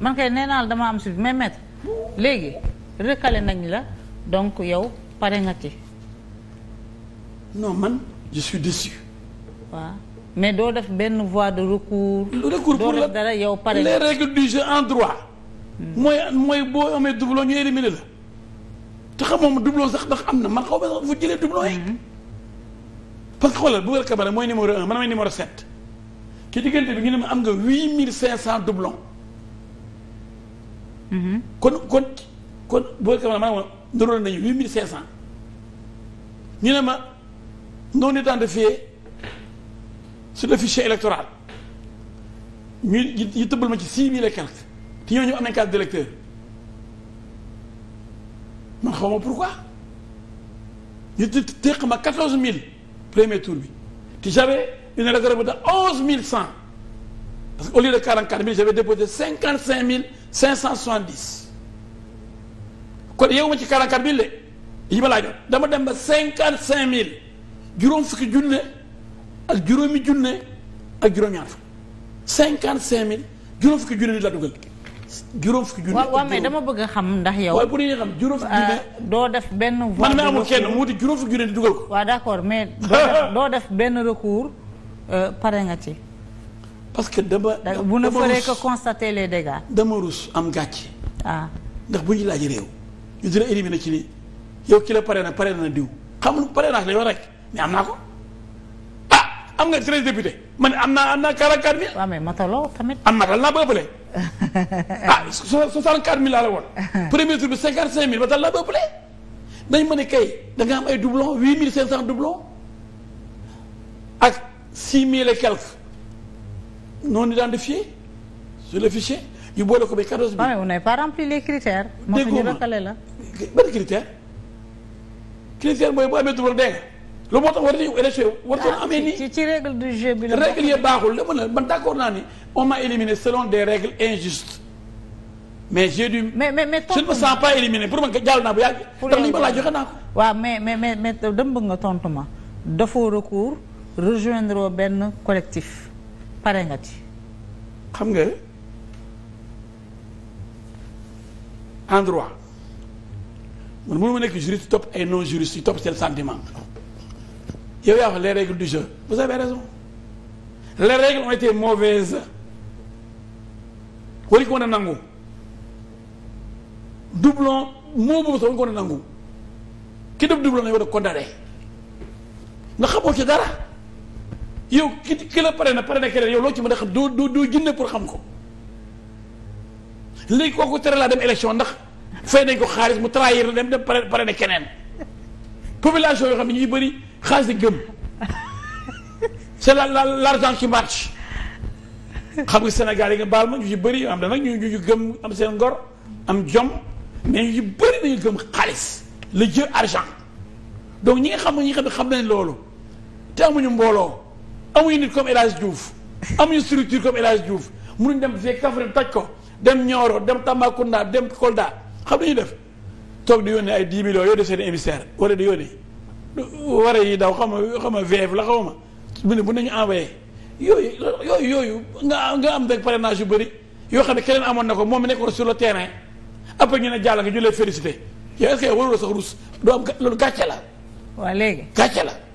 man kay nee naa la dama am suivi mais maître léegi nag nañ la donc yow pare nga ci. non man je suis déçu. waaw mais doo def benn voie de recours. recours pour doo def dara yow pare les règles du hmm. mooy mooy boo amee doublon ñu éliminé la. te xamoo ma sax ndax am na man xaw ma sax fu jëlee doublon hmm. que xoolal Boubacar Kamara mooy numéro un man mooy numéro sept. ki diggante bi ñu ne ma am nga huit mille cinq cent doublon. Mm-hmm. kon kon kon booy Camara maa ngi naroon nañu huit mille cinq cent ñu ne ma non identifié sur le fichier électoral ñu ñu tëbbal ma ci six mille et quelques te ñooñu am nañ carte d'électeur man xaw ma pourquoi ñu teq ma quatorze mille premier tour bi te la une réserve de onze mille cent parce que au lieu de 44 000 j'avais déposé 55 570 kon yeewu ma ci 44 000 de yi ma laajoon dama dem ba cinq 000 juróom fukki junne ak juróomi junne ak juróom-ñaar fukk 55 fukki junne nit la dugal. juróom fukki junne waaw waaw mais dama bëgg xam ndax yow. waaye bu dee xam juróom fukki junne. Euh, doo def benn voie man maa amul kenn mu wuti juróom fukki junne di dugal ko. waaw d'accord mais doo def benn recours euh, pare nga ci. parce que dama. dama vous ne ferez que constater les dégâts. dama rus am gàcce. ah ndax bu ñu laaj réew. ñu dina éliminer ci ni yow ki la pare na pare na diw xamul parrainage la yow rek mais am naa ko ah am nga treize députés man am naa am naa quarante quatre mille. waaw mais mataloo tamit. am matal naa ba ëppale ah soixante quatre mille laa la woon. premier tour bi cinquante cinq ma ne kay da am ay doublons huit mille cinq cent doublons ak six mille et quelques. non identifiés sur le fichier ñu boole ko ba 14 000. waaw on n'a pas rempli les critères. déggoo moo tax ñu recalé la. ban critère critère mooy bu amee doublon dégg nga lu moo tax war ah, nii ci ci baaxul dama man d' naa ni on m'a éliminé selon des mais j'ai dû. mais mais mais pour man jàll naa bu joxe naa ko. waaw mais mais mais mais dama nga tontu ma. dafoo recours rejoindre benn collectif. pare nga ci. xam nga en droit man mënu ma nekk juriste topp ay non juriste yu topp seen sentiment yow yaa wax les règles du jeu vous avez raison les règles ont été mauvaises waruñu ko woon nangu doublon moo boobu sax waruñu ko woon nangu ki def doublon lañu war a condamné nga xamoo ci dara. yow ki ki la pare na pare na keneen yow loo ci mën a xam doo doo doo jinne pour xam ko léegi kooku tere laa dem élection ndax fay nañ ko xaalis mu trahir na dem dem pare pare na keneen population yoo xam ne ñuy bëri xaalis di gëm c'est la la l'argent qui xam nga Sénégal yi baal ma ñu ci bëri am na nag ñu ñu gëm am seen ngor am jom mais ñu ci bëri nañu gëm xaalis la jeu argent donc ñi nga xam ne ñi nga xam ne loolu te amuñu mbooloo. amuñu nit comme El Hadj Diouf amuñu structure comme El Hadj Diouf mënuñ dem fee Kaffrine taj ko dem Nioro dem Tambacounda dem Kolda xam nañu def toog di yónnee ay 10 millions yoo def seen émissaire wala di yónnee war yi daw xam nga xam nga VF la xaw ma bu ne nañu envoyé yooyu yooyu yooyu nga nga am rek parrainage yu bëri yoo xam ne keneen amoon na ko moom mu nekkoon sur le terrain après ñu ne jàll nga ñu lay félicité yow est-ce waruloo sax ruus doo am loolu gàcce la. waa léegi gàcce la.